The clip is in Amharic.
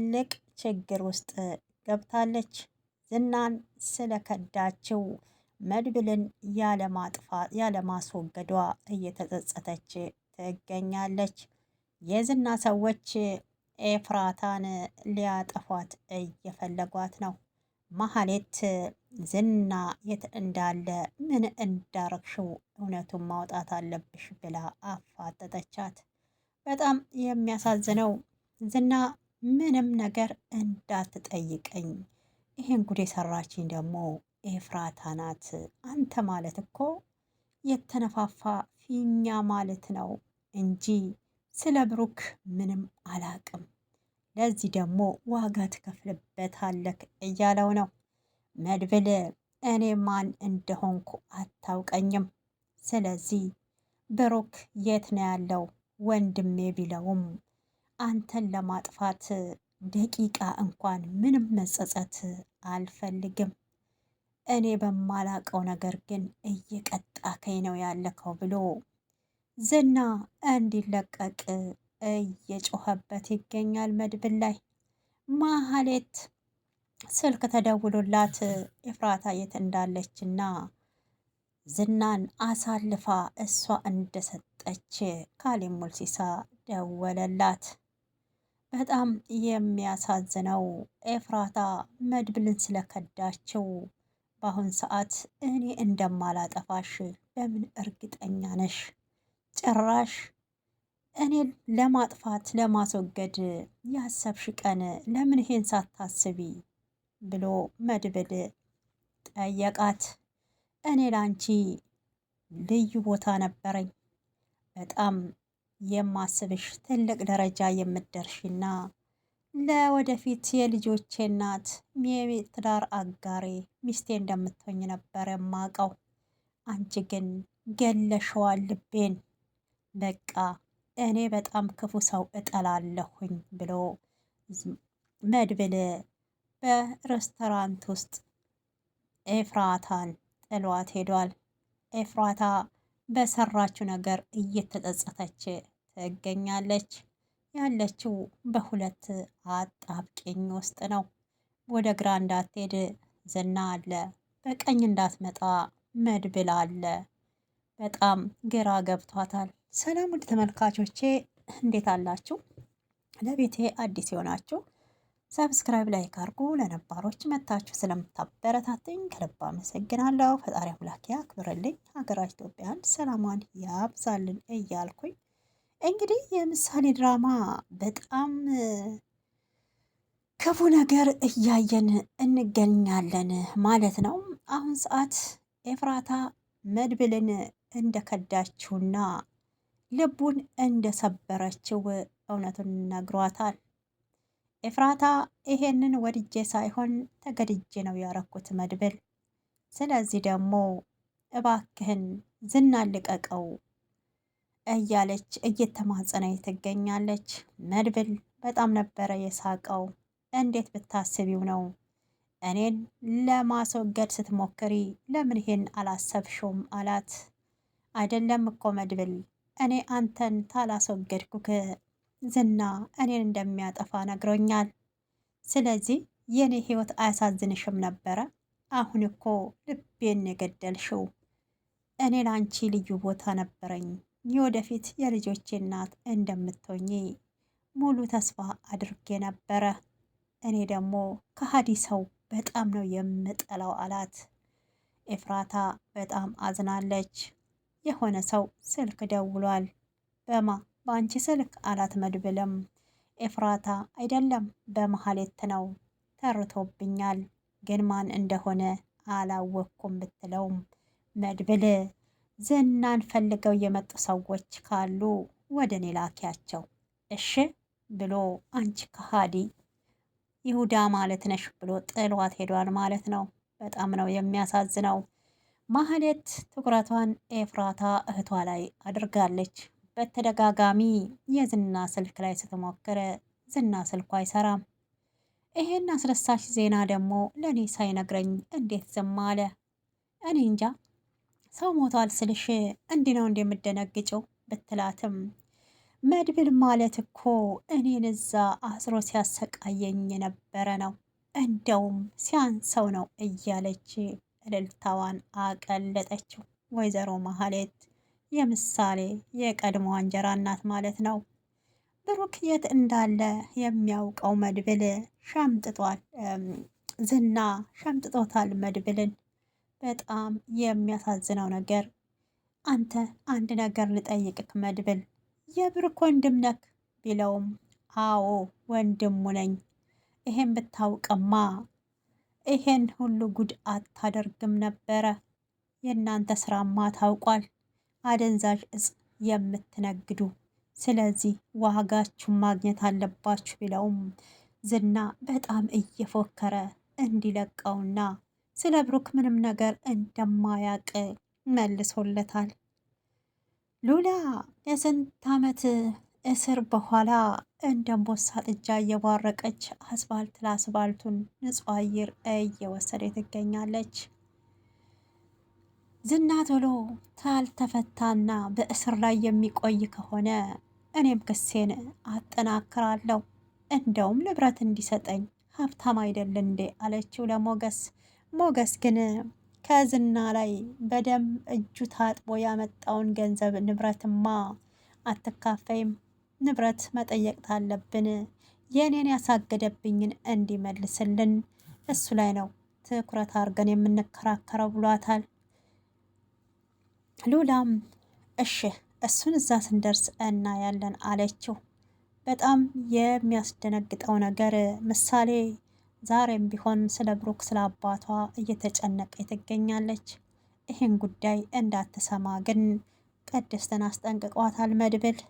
ትልቅ ችግር ውስጥ ገብታለች። ዝናን ስለከዳችው መድብልን ያለማጥፋት ያለማስወገዷ እየተጸጸተች ትገኛለች። የዝና ሰዎች ኤፍራታን ሊያጠፏት እየፈለጓት ነው። ማህሌት ዝና የት እንዳለ ምን እንዳረግሽው እውነቱን ማውጣት አለብሽ ብላ አፋጠጠቻት። በጣም የሚያሳዝነው ዝና ምንም ነገር እንዳትጠይቀኝ። ይሄን ጉድ የሰራችኝ ደግሞ ኤፍራታ ናት። አንተ ማለት እኮ የተነፋፋ ፊኛ ማለት ነው እንጂ ስለ ብሩክ ምንም አላቅም። ለዚህ ደግሞ ዋጋ ትከፍልበታለክ እያለው ነው መድብል። እኔ ማን እንደሆንኩ አታውቀኝም። ስለዚህ ብሩክ የት ነው ያለው ወንድሜ ቢለውም አንተን ለማጥፋት ደቂቃ እንኳን ምንም መጸጸት አልፈልግም። እኔ በማላቀው ነገር ግን እየቀጣከኝ ነው ያለከው ብሎ ዝና እንዲለቀቅ እየጮኸበት ይገኛል። መድብን ላይ ማህሌት ስልክ ተደውሎላት ኤፍራታ የት እንዳለች እና ዝናን አሳልፋ እሷ እንደሰጠች ካሌሙልሲሳ ሙልሲሳ ደወለላት። በጣም የሚያሳዝነው ኤፍራታ መድብልን ስለከዳችው በአሁን ሰዓት እኔ እንደማላጠፋሽ በምን እርግጠኛ ነሽ? ጭራሽ እኔ ለማጥፋት ለማስወገድ ያሰብሽ ቀን ለምን ይሄን ሳታስቢ ብሎ መድብል ጠየቃት። እኔ ላንቺ ልዩ ቦታ ነበረኝ። በጣም የማስብሽ ትልቅ ደረጃ የምትደርሽና ለወደፊት የልጆቼ እናት የትዳር አጋሬ ሚስቴ እንደምትሆኝ ነበር የማውቀው። አንቺ ግን ገለሸዋል ልቤን። በቃ እኔ በጣም ክፉ ሰው እጠላለሁኝ ብሎ መድብል በሬስቶራንት ውስጥ ኤፍራታን ጥሏት ሄዷል። ኤፍራታ በሰራችው ነገር እየተጸጸተች ትገኛለች። ያለችው በሁለት አጣብቂኝ ውስጥ ነው። ወደ ግራ እንዳትሄድ ዝና አለ፣ በቀኝ እንዳትመጣ መድብል አለ። በጣም ግራ ገብቷታል። ሰላም ውድ ተመልካቾቼ እንዴት አላችሁ? ለቤቴ አዲስ የሆናችሁ ሰብስክራይብ ላይክ አድርጉ። ለነባሮች መታችሁ ስለምታበረታትኝ ከልብ አመሰግናለሁ። ፈጣሪ አምላክ ያክብርልኝ። ሀገራችን ኢትዮጵያን ሰላሟን ያብዛልን እያልኩኝ እንግዲህ የምሳሌ ድራማ በጣም ክፉ ነገር እያየን እንገኛለን ማለት ነው። አሁን ሰዓት ኤፍራታ መድብልን እንደከዳችውና ልቡን እንደሰበረችው እውነቱን ነግሯታል። ኤፍራታ ይሄንን ወድጄ ሳይሆን ተገድጄ ነው ያረኩት መድብል፣ ስለዚህ ደግሞ እባክህን ዝና ልቀቀው እያለች እየተማጸነ ትገኛለች። መድብል በጣም ነበረ የሳቀው። እንዴት ብታስቢው ነው እኔን ለማስወገድ ስትሞክሪ ለምን ይሄን አላሰብሽውም? አላት። አይደለም እኮ መድብል እኔ አንተን ታላስወገድኩክ ዝና እኔን እንደሚያጠፋ ነግሮኛል። ስለዚህ የእኔ ህይወት አያሳዝንሽም ነበረ? አሁን እኮ ልቤን የገደልሽው። እኔ ለአንቺ ልዩ ቦታ ነበረኝ። የወደፊት የልጆቼ እናት እንደምትሆኚ ሙሉ ተስፋ አድርጌ ነበረ። እኔ ደግሞ ከሀዲ ሰው በጣም ነው የምጠላው አላት። ኤፍራታ በጣም አዝናለች። የሆነ ሰው ስልክ ደውሏል። በማ በአንቺ ስልክ አላት መድብልም። ኤፍራታ አይደለም በመሀሌት ነው ተርቶብኛል፣ ግን ማን እንደሆነ አላወቅኩም ብትለውም መድብል ዝናን ፈልገው የመጡ ሰዎች ካሉ ወደ እኔ ላኪያቸው እሺ ብሎ አንቺ ከሃዲ ይሁዳ ማለት ነሽ ብሎ ጥሏት ሄዷል ማለት ነው። በጣም ነው የሚያሳዝነው። ማህሌት ትኩረቷን ኤፍራታ እህቷ ላይ አድርጋለች። በተደጋጋሚ የዝና ስልክ ላይ ስትሞክር ዝና ስልኩ አይሰራም። ይሄን አስረሳሽ ዜና ደግሞ ለእኔ ሳይነግረኝ እንዴት ዝም አለ? እኔ እንጃ ሰው ሞቷል ስልሽ እንዲህ ነው እንደምደነግጨው ብትላትም መድብል ማለት እኮ እኔን እዛ አስሮ ሲያሰቃየኝ የነበረ ነው፣ እንደውም ሲያንሰው ነው እያለች እልልታዋን አቀለጠችው ወይዘሮ መሀሌት። የምሳሌ የቀድሞ እንጀራ እናት ማለት ነው። ብሩክ የት እንዳለ የሚያውቀው መድብል ሸምጥጧል። ዝና ሸምጥጦታል መድብልን። በጣም የሚያሳዝነው ነገር አንተ አንድ ነገር ልጠይቅክ መድብል የብሩክ ወንድም ነክ ቢለውም አዎ ወንድሙ ነኝ። ይሄን ብታውቅማ ይሄን ሁሉ ጉድ አታደርግም ነበረ። የእናንተ ስራማ ታውቋል። አደንዛዥ እጽ የምትነግዱ ስለዚህ ዋጋችሁን ማግኘት አለባችሁ ቢለውም ዝና በጣም እየፎከረ እንዲለቀውና ስለ ብሩክ ምንም ነገር እንደማያቅ መልሶለታል። ሉላ የስንት ዓመት እስር በኋላ እንደ አንበሳ ጥጃ እየቧረቀች አስፋልት ለአስፋልቱን ንጹህ አየር እየወሰደ ትገኛለች። ዝና ቶሎ ታልተፈታና በእስር ላይ የሚቆይ ከሆነ እኔም ክሴን አጠናክራለሁ፣ እንደውም ንብረት እንዲሰጠኝ ሀብታም አይደል እንዴ አለችው ለሞገስ። ሞገስ ግን ከዝና ላይ በደም እጁ ታጥቦ ያመጣውን ገንዘብ ንብረትማ አትካፈይም፣ ንብረት መጠየቅ ታለብን፣ የእኔን ያሳገደብኝን እንዲመልስልን እሱ ላይ ነው ትኩረት አድርገን የምንከራከረው ብሏታል። ሉላም እሺ እሱን እዛ ስንደርስ እናያለን አለችው። በጣም የሚያስደነግጠው ነገር ምሳሌ ዛሬም ቢሆን ስለ ብሩክ ስለ አባቷ እየተጨነቀ ትገኛለች። ይህን ጉዳይ እንዳትሰማ ግን ቅድስትን አስጠንቅቋታል መድብል